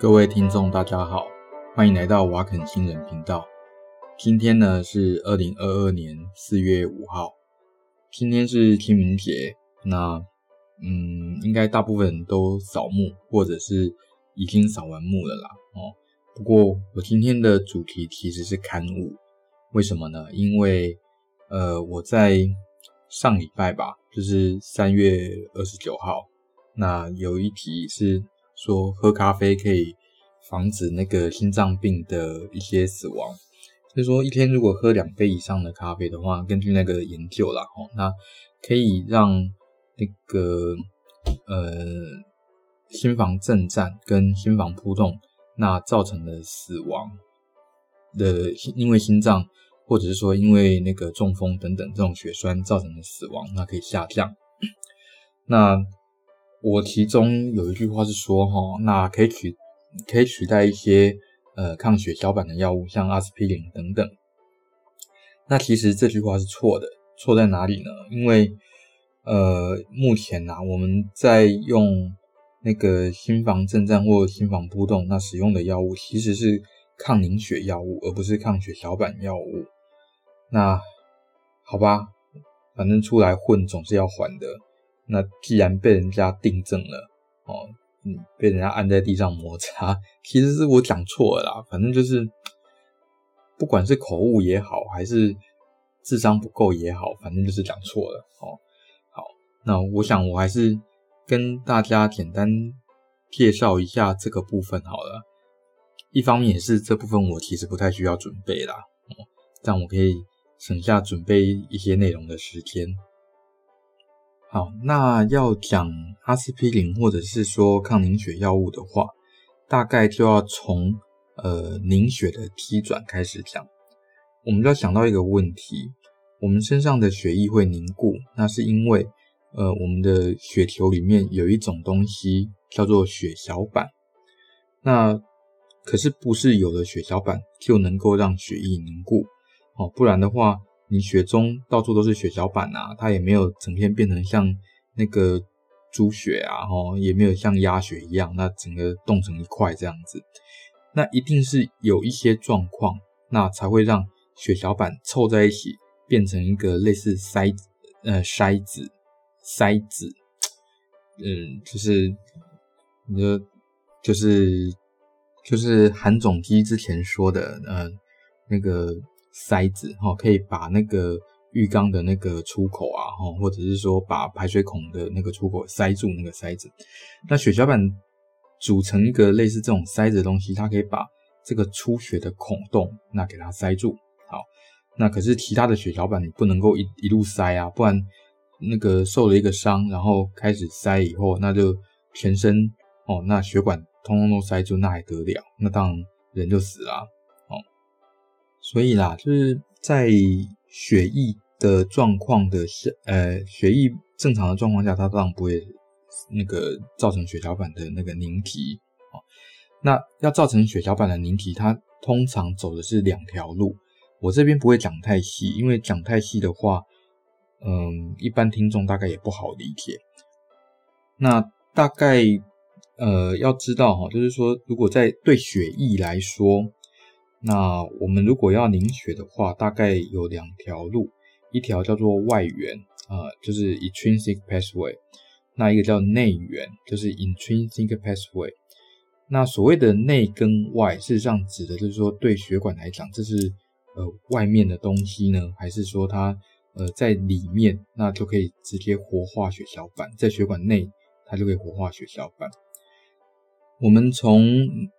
各位聽眾，大家好，歡迎來到瓦肯新人頻道。今天呢是二零二二年四月五號，今天是清明節，那嗯，應該大部分人都掃墓，或者是已經掃完墓了啦。哦，不過我今天的主題其實是勘誤，為什麼呢？因為呃，我在上禮拜吧，就是三月二十九號，那有一題是。說喝咖啡可以防止那個心臟病的一些死亡。所以說一天如果喝兩杯以上的咖啡的話，根據那個研究啦，吼，那可以讓那個呃心房震顫跟心房撲動，那造成的死亡的，因為心臟或者是說因為那個中風等等這種血栓造成的死亡，那可以下降。那。我其中有一句話是說哈，那可以取可以取代一些呃抗血小板的藥物，像阿司匹林等等。那其實這句話是錯的，錯在哪裡呢？因為呃目前啊，我們在用那個心房震顫或心房撲動，那使用的藥物其實是抗凝血藥物，而不是抗血小板藥物。那好吧，反正出來混總是要還的。那既然被人家訂正了哦，嗯，被人家按在地上摩擦，其實是我講錯了啦。反正就是，不管是口誤也好，還是智商不夠也好，反正就是講錯了哦。好，那我想我還是跟大家簡單介紹一下這個部分好了。一方面也是這部分我其實不太需要準備啦，哦，這樣我可以省下準備一些內容的時間。好，那要講阿司匹林或者是說抗凝血藥物的話，大概就要從呃凝血的機轉開始講。我們要想到一個問題，我們身上的血液會凝固，那是因為呃我們的血球裡面有一種東西叫做血小板。那可是不是有了血小板就能夠讓血液凝固？哦，不然的話。你血中到處都是血小板啊，它也沒有整片變成像那個豬血啊，吼，也沒有像鴨血一樣那整個凍成一塊這樣子，那一定是有一些狀況，那才會讓血小板湊在一起變成一個類似塞子，呃，塞子，塞子，嗯，就是你說，就是，就是韓總機之前說的，嗯、呃，那個。塞子哈，可以把那個浴缸的那個出口啊，哈，或者是說把排水孔的那個出口塞住那個塞子。那血小板組成一個類似這種塞子的東西，它可以把這個出血的孔洞那給它塞住。好，那可是其他的血小板你不能夠一一路塞啊，不然那個受了一個傷，然後開始塞以後，那就全身哦，那血管通通都塞住，那還得了？那當然人就死了啊。所以啦，就是在血液的狀況的呃，血液正常的狀況下，它當然不會那個造成血小板的那個凝集。那要造成血小板的凝集，它通常走的是兩條路。我這邊不會講太細，因為講太細的話，嗯、呃，一般聽眾大概也不好理解。那大概呃，要知道哈，就是說，如果在對血液來說。那我們如果要凝血的話，大概有兩條路，一條叫做外源，啊、呃，就是 extrinsic pathway，那一個叫內源，就是 intrinsic pathway。那所謂的內跟外，事實上指的就是說，對血管來講，這是呃外面的東西呢，還是說它呃在裡面？那就可以直接活化血小板，在血管內它就可以活化血小板。我們從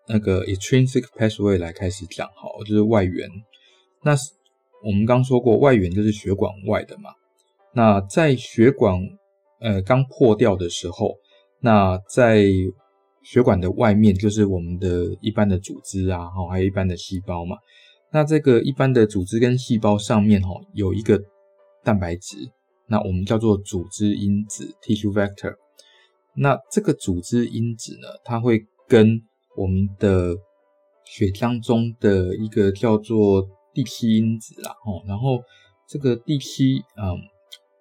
那個 extrinsic pathway 來開始講哈，就是外源。那我們剛說過，外源就是血管外的嘛。那在血管呃剛破掉的時候，那在血管的外面就是我們的一般的組織啊，哈，還有一般的細胞嘛。那這個一般的組織跟細胞上面哈，有一個蛋白質，那我們叫做組織因子 （tissue v e c t o r 那這個組織因子呢，它會跟我們的血漿中的一個叫做第七因子啦，哦，然後這個第七、嗯，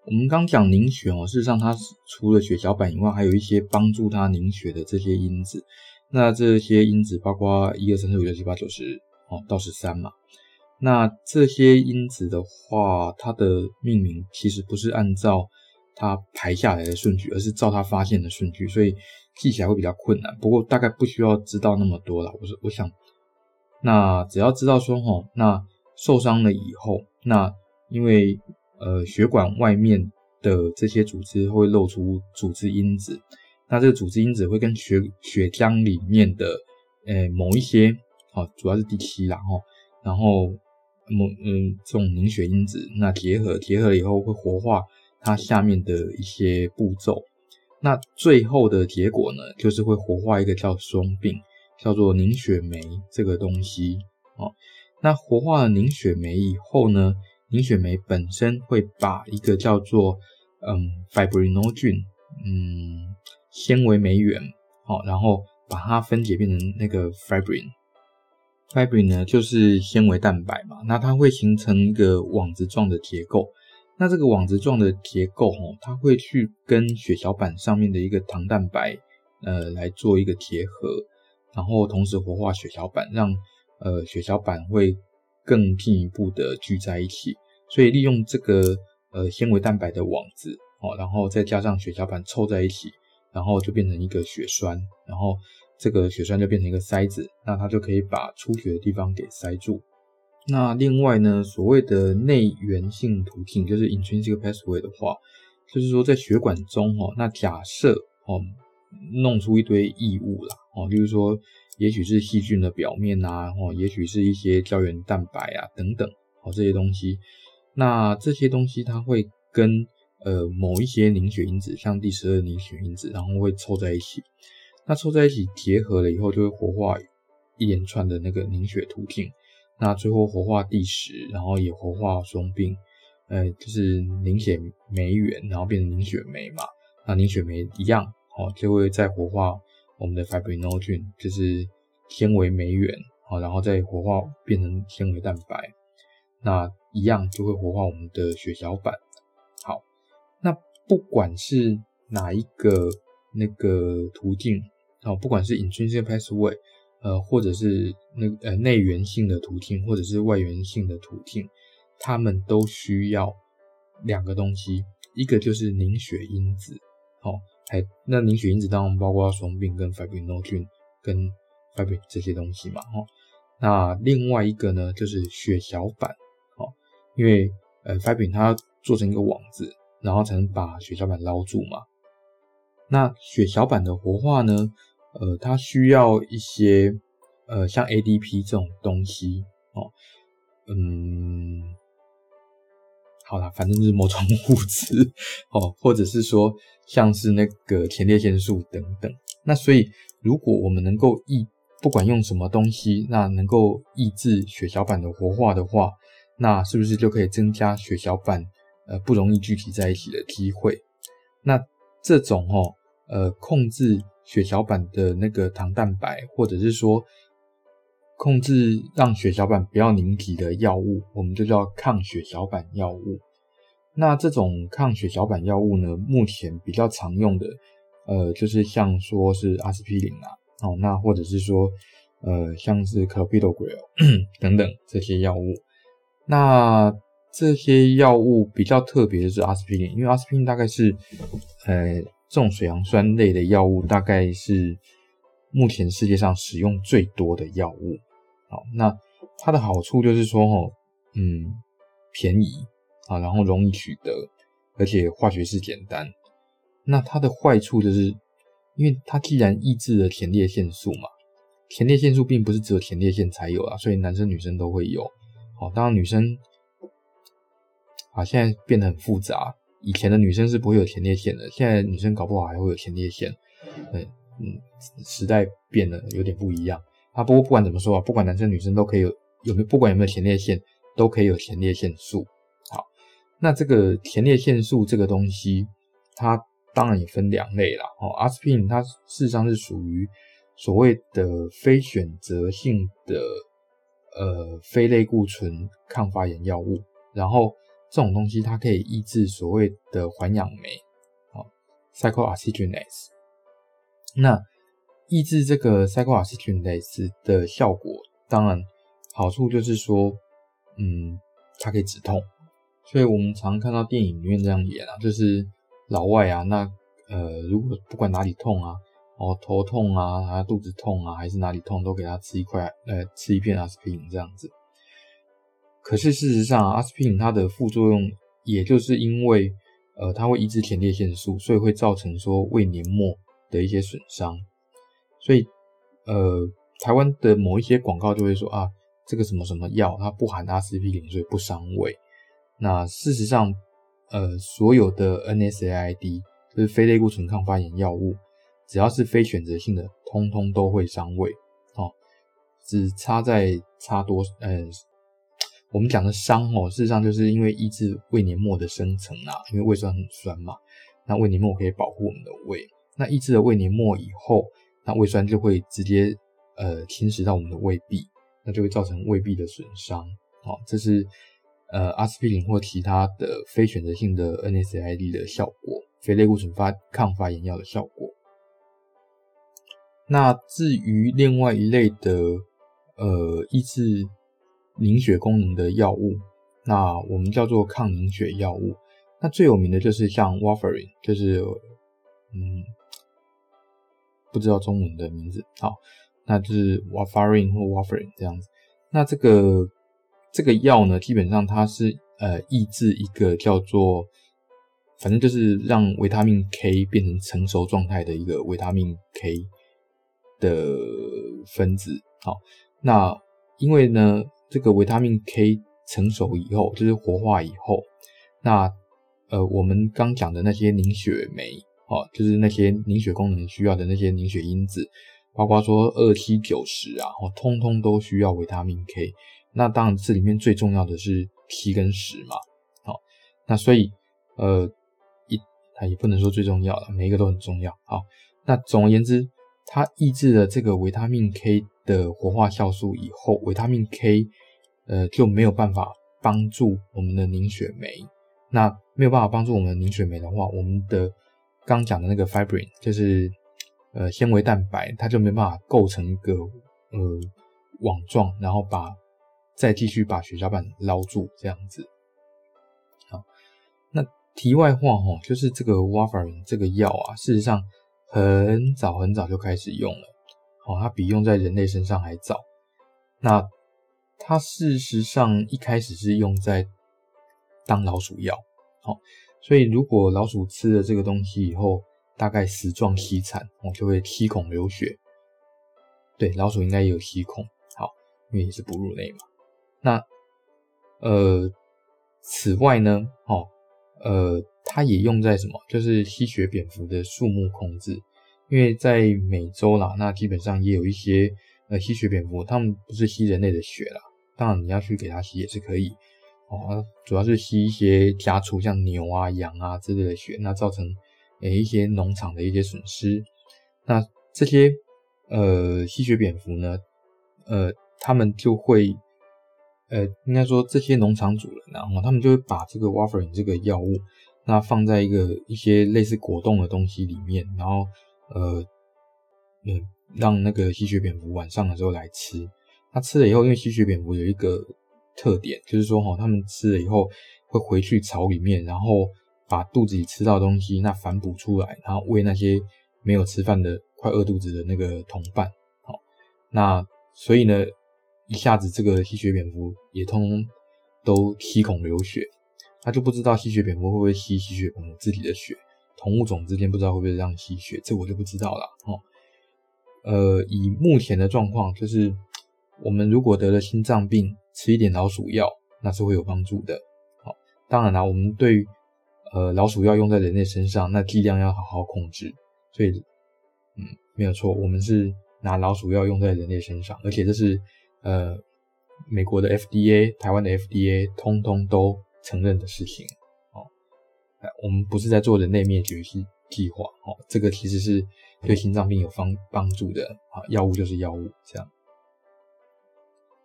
我們剛講凝血哦、喔，事實上它除了血小板以外，還有一些幫助它凝血的這些因子。那這些因子包括一二三四五六七八九十，哦，到十三嘛。那這些因子的話，它的命名其實不是按照。他排下來的順序，而是照他發現的順序，所以記起來會比較困難。不過大概不需要知道那麼多了。我說，我想，那只要知道說，吼，那受傷了以後，那因為呃血管外面的這些組織會露出組織因子，那這個組織因子會跟血血漿裡面的呃、欸、某一些，主要是第七啦，然後某嗯這種凝血因子，那結合結合了以後會活化。它下面的一些步驟，那最後的結果呢，就是會活化一個叫雙病，叫做凝血酶這個東西哦。那活化了凝血酶以後呢，凝血酶本身會把一個叫做嗯 fibrinogen 嗯纖維酶原，哦，然後把它分解變成那個 fibrin。fibrin 呢就是纖維蛋白嘛，那它會形成一個網子狀的結構。那這個網子狀的結構哦，它會去跟血小板上面的一個糖蛋白，呃，來做一個結合，然後同時活化血小板，讓呃血小板會更進一步的聚在一起。所以利用這個呃纖維蛋白的網子哦、喔，然後再加上血小板湊在一起，然後就變成一個血栓，然後這個血栓就變成一個塞子，那它就可以把出血的地方給塞住。那另外呢，所謂的內源性途徑就是 intrinsic pathway 的話，就是說在血管中哈、喔，那假設哦、喔、弄出一堆異物啦哦、喔，就是說也許是細菌的表面啊，哦、喔，也許是一些膠原蛋白啊等等哦、喔、這些東西，那這些東西它會跟呃某一些凝血因子，像第十二凝血因子，然後會湊在一起，那湊在一起結合了以後，就會活化一連串的那個凝血途徑。那最後活化第十，然後也活化雙邊，呃，就是凝血酶原，然後變成凝血酶嘛。那凝血酶一樣，好、喔，就會再活化我們的 fibrinogen 就是纖維酶原，好、喔，然後再活化變成纖維蛋白。那一樣就會活化我們的血小板。好，那不管是哪一個那個途徑，好、喔，不管是 intrinsic pathway。呃，或者是那個呃內源性的途徑，或者是外源性的途徑，它們都需要兩個東西，一個就是凝血因子，好、哦，還那凝血因子當然包括雙並跟 fibrinogen 跟 fibrin 這些東西嘛，好、哦，那另外一個呢就是血小板，哦，因為呃 fibrin 它做成一個網子，然後才能把血小板撈住嘛，那血小板的活化呢？呃，它需要一些呃，像 ADP 這種東西哦，嗯，好啦，反正就是某種物質哦，或者是說像是那個前列腺素等等。那所以，如果我們能夠抑，不管用什麼東西，那能夠抑制血小板的活化的話，那是不是就可以增加血小板呃不容易聚集在一起的機會？那這種哦，呃，控制。血小板的那個糖蛋白，或者是說控制讓血小板不要凝集的藥物，我們就叫抗血小板藥物。那這種抗血小板藥物呢，目前比較常用的，呃，就是像說是阿司匹林啊，哦，那或者是說，呃，像是 clopidogrel 等等這些藥物。那這些藥物比較特別的是阿司匹林，S P、0, 因為阿司匹林大概是，呃。這種水楊酸類的藥物大概是目前世界上使用最多的藥物。好，那它的好處就是說，嗯，便宜啊，然後容易取得，而且化學式簡單。那它的壞處就是，因為它既然抑制了前列腺素嘛，前列腺素並不是只有前列腺才有啊，所以男生女生都會有。好，當然女生，啊，現在變得很複雜。以前的女生是不會有前列腺的，現在女生搞不好還會有前列腺，嗯嗯，時代變得有點不一樣。啊，不過不管怎麼說啊，不管男生女生都可以有有沒有，不管有沒有前列腺，都可以有前列腺素。好，那這個前列腺素這個東西，它當然也分兩類啦。了、哦。阿司匹林它事實上是屬於所謂的非選擇性的呃非類固醇抗發炎藥物，然後。這種東西它可以抑制所謂的環氧酶，哦 cyclooxygenase 那抑制這個 cyclooxygenase 的效果，當然好處就是說，嗯，它可以止痛。所以我們常看到電影院這樣演啊，就是老外啊，那呃，如果不管哪裡痛啊，哦，頭痛啊，啊，肚子痛啊，還是哪裡痛，都給他吃一塊，呃，吃一片阿司匹林這樣子。可是事實上啊，阿司匹林它的副作用，也就是因為，呃，它會抑制前列腺素，所以會造成說胃黏膜的一些損傷。所以，呃，台灣的某一些廣告就會說啊，這個什麼什麼藥，它不含阿司匹林，所以不傷胃。那事實上，呃，所有的 NSAID 就是非類固醇抗發炎藥物，只要是非選擇性的，通通都會傷胃。哦，只差在差多呃。我們講的傷哦，事實上就是因為抑制胃黏膜的生成啊，因為胃酸很酸嘛，那胃黏膜可以保護我們的胃，那抑制了胃黏膜以後，那胃酸就會直接呃侵蝕到我們的胃壁，那就會造成胃壁的損傷，哦，這是呃阿司匹林或其他的非選擇性的 NSAID 的效果，非類固醇發抗發炎藥的效果。那至於另外一類的呃抑制凝血功能的藥物，那我們叫做抗凝血藥物。那最有名的就是像 Warfarin 就是嗯，不知道中文的名字，好，那就是 Warfarin 或 Warfarin 這樣子。那這個這個藥呢，基本上它是呃抑制一個叫做，反正就是讓維他命 K 變成成熟狀態的一個維他命 K 的分子。好，那因為呢。這個維他命 K 成熟以後，就是活化以後，那呃，我們剛講的那些凝血酶哦，就是那些凝血功能需要的那些凝血因子，包括說二七九十啊，然、哦、通通都需要維他命 K。那當然這裡面最重要的是七跟十嘛，好、哦，那所以呃，一也不能說最重要了，每一個都很重要啊、哦。那總而言之，它抑制了這個維他命 K。的活化酵素以後，維他命 K，呃就沒有辦法幫助我們的凝血酶。那沒有辦法幫助我們的凝血酶的話，我們的剛講的那個 fibrin 就是呃纖維蛋白，它就沒辦法構成一個呃網狀，然後把再繼續把血小板撈住這樣子。好，那題外話哈，就是這個 Warfarin 這個藥啊，事實上很早很早就開始用了。哦，它比用在人類身上還早。那它事實上一開始是用在當老鼠藥。好、哦，所以如果老鼠吃了這個東西以後，大概死狀淒慘，我、哦、就會七孔流血。對，老鼠應該也有七孔。好，因為你是哺乳類嘛。那呃，此外呢，哦，呃，它也用在什麼？就是吸血蝙蝠的數目控制。因為在美洲啦，那基本上也有一些呃吸血蝙蝠，它們不是吸人類的血啦。當然你要去給它吸也是可以哦，主要是吸一些家畜，像牛啊、羊啊之類的血，那造成誒、欸、一些農場的一些損失。那這些呃吸血蝙蝠呢，呃，他們就會呃，應該說這些農場主人、啊，然後他們就會把這個 warfarin 這個藥物，那放在一個一些類似果凍的東西裡面，然後。呃，嗯，讓那個吸血蝙蝠晚上的時候來吃，它吃了以後，因為吸血蝙蝠有一個特點，就是說哈，它們吃了以後會回去巢裡面，然後把肚子裡吃到的東西那反哺出來，然後餵那些沒有吃飯的、快餓肚子的那個同伴。好，那所以呢，一下子這個吸血蝙蝠也通通都七孔流血，它就不知道吸血蝙蝠會不會吸吸吸血蝙蝠自己的血。同物種之間不知道會不會這樣吸血，這我就不知道了。哈、哦，呃，以目前的狀況，就是我們如果得了心臟病，吃一點老鼠藥，那是會有幫助的。好、哦，當然啦，我們對於呃老鼠藥用在人類身上，那劑量要好好控制。所以，嗯，沒有錯，我們是拿老鼠藥用在人類身上，而且這是呃美國的 FDA、台灣的 FDA 通通都承認的事情。我們不是在做人類滅絕計計劃，哈、哦，這個其實是對心臟病有幫幫助的，啊、哦，藥物就是藥物，這樣，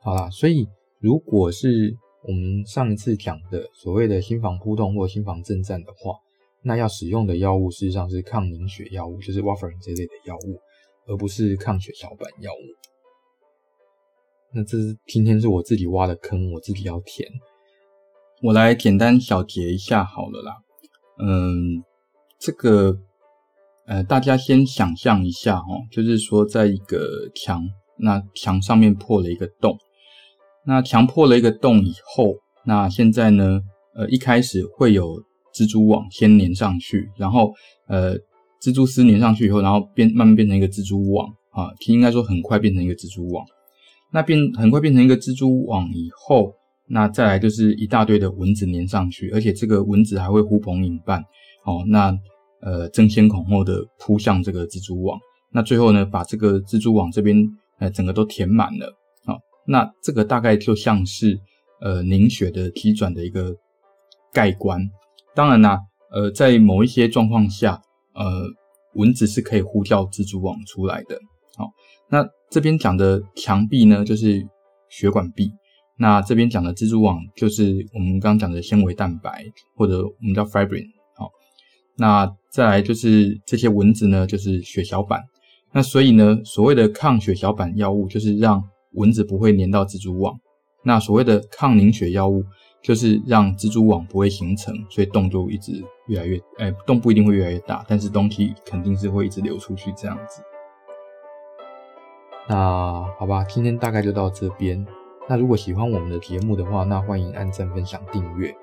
好啦，所以如果是我們上一次講的所謂的心房撲動或心房震顫的話，那要使用的藥物事實上是抗凝血藥物，就是 warfarin 這類的藥物，而不是抗血小板藥物。那這是今天是我自己挖的坑，我自己要填。我來簡單小結一下，好了啦。嗯，這個，呃，大家先想象一下哦，就是說，在一個牆，那牆上面破了一個洞，那牆破了一個洞以後，那現在呢，呃，一開始會有蜘蛛網先粘上去，然後，呃，蜘蛛絲粘上去以後，然後變，慢慢變成一個蜘蛛網，啊，應該說很快變成一個蜘蛛網，那變，很快變成一個蜘蛛網以後。那再來就是一大堆的蚊子粘上去，而且這個蚊子還會呼朋引伴，哦，那呃爭先恐後的撲向這個蜘蛛網，那最後呢，把這個蜘蛛網這邊呃整個都填滿了，好、哦，那這個大概就像是呃凝血的機轉的一個概觀。當然啦，呃在某一些狀況下，呃蚊子是可以呼叫蜘蛛網出來的，好、哦，那這邊講的牆壁呢就是血管壁。那這邊講的蜘蛛網就是我們剛剛講的纖維蛋白，或者我們叫 fibrin 好。那再來就是這些蚊子呢，就是血小板。那所以呢，所謂的抗血小板藥物就是讓蚊子不會粘到蜘蛛網。那所謂的抗凝血藥物就是讓蜘蛛網不會形成，所以洞就一直越來越，哎、欸，洞不一定會越來越大，但是東西肯定是會一直流出去這樣子。那好吧，今天大概就到這邊。那如果喜歡我們的節目的話，那歡迎按讚、分享、訂閱。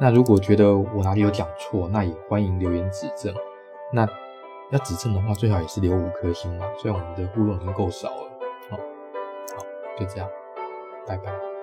那如果覺得我哪裡有講錯，那也歡迎留言指正。那要指正的話，最好也是留五顆星嘛，雖然我們的互動已經夠少了。好、哦，好，就這樣，拜拜。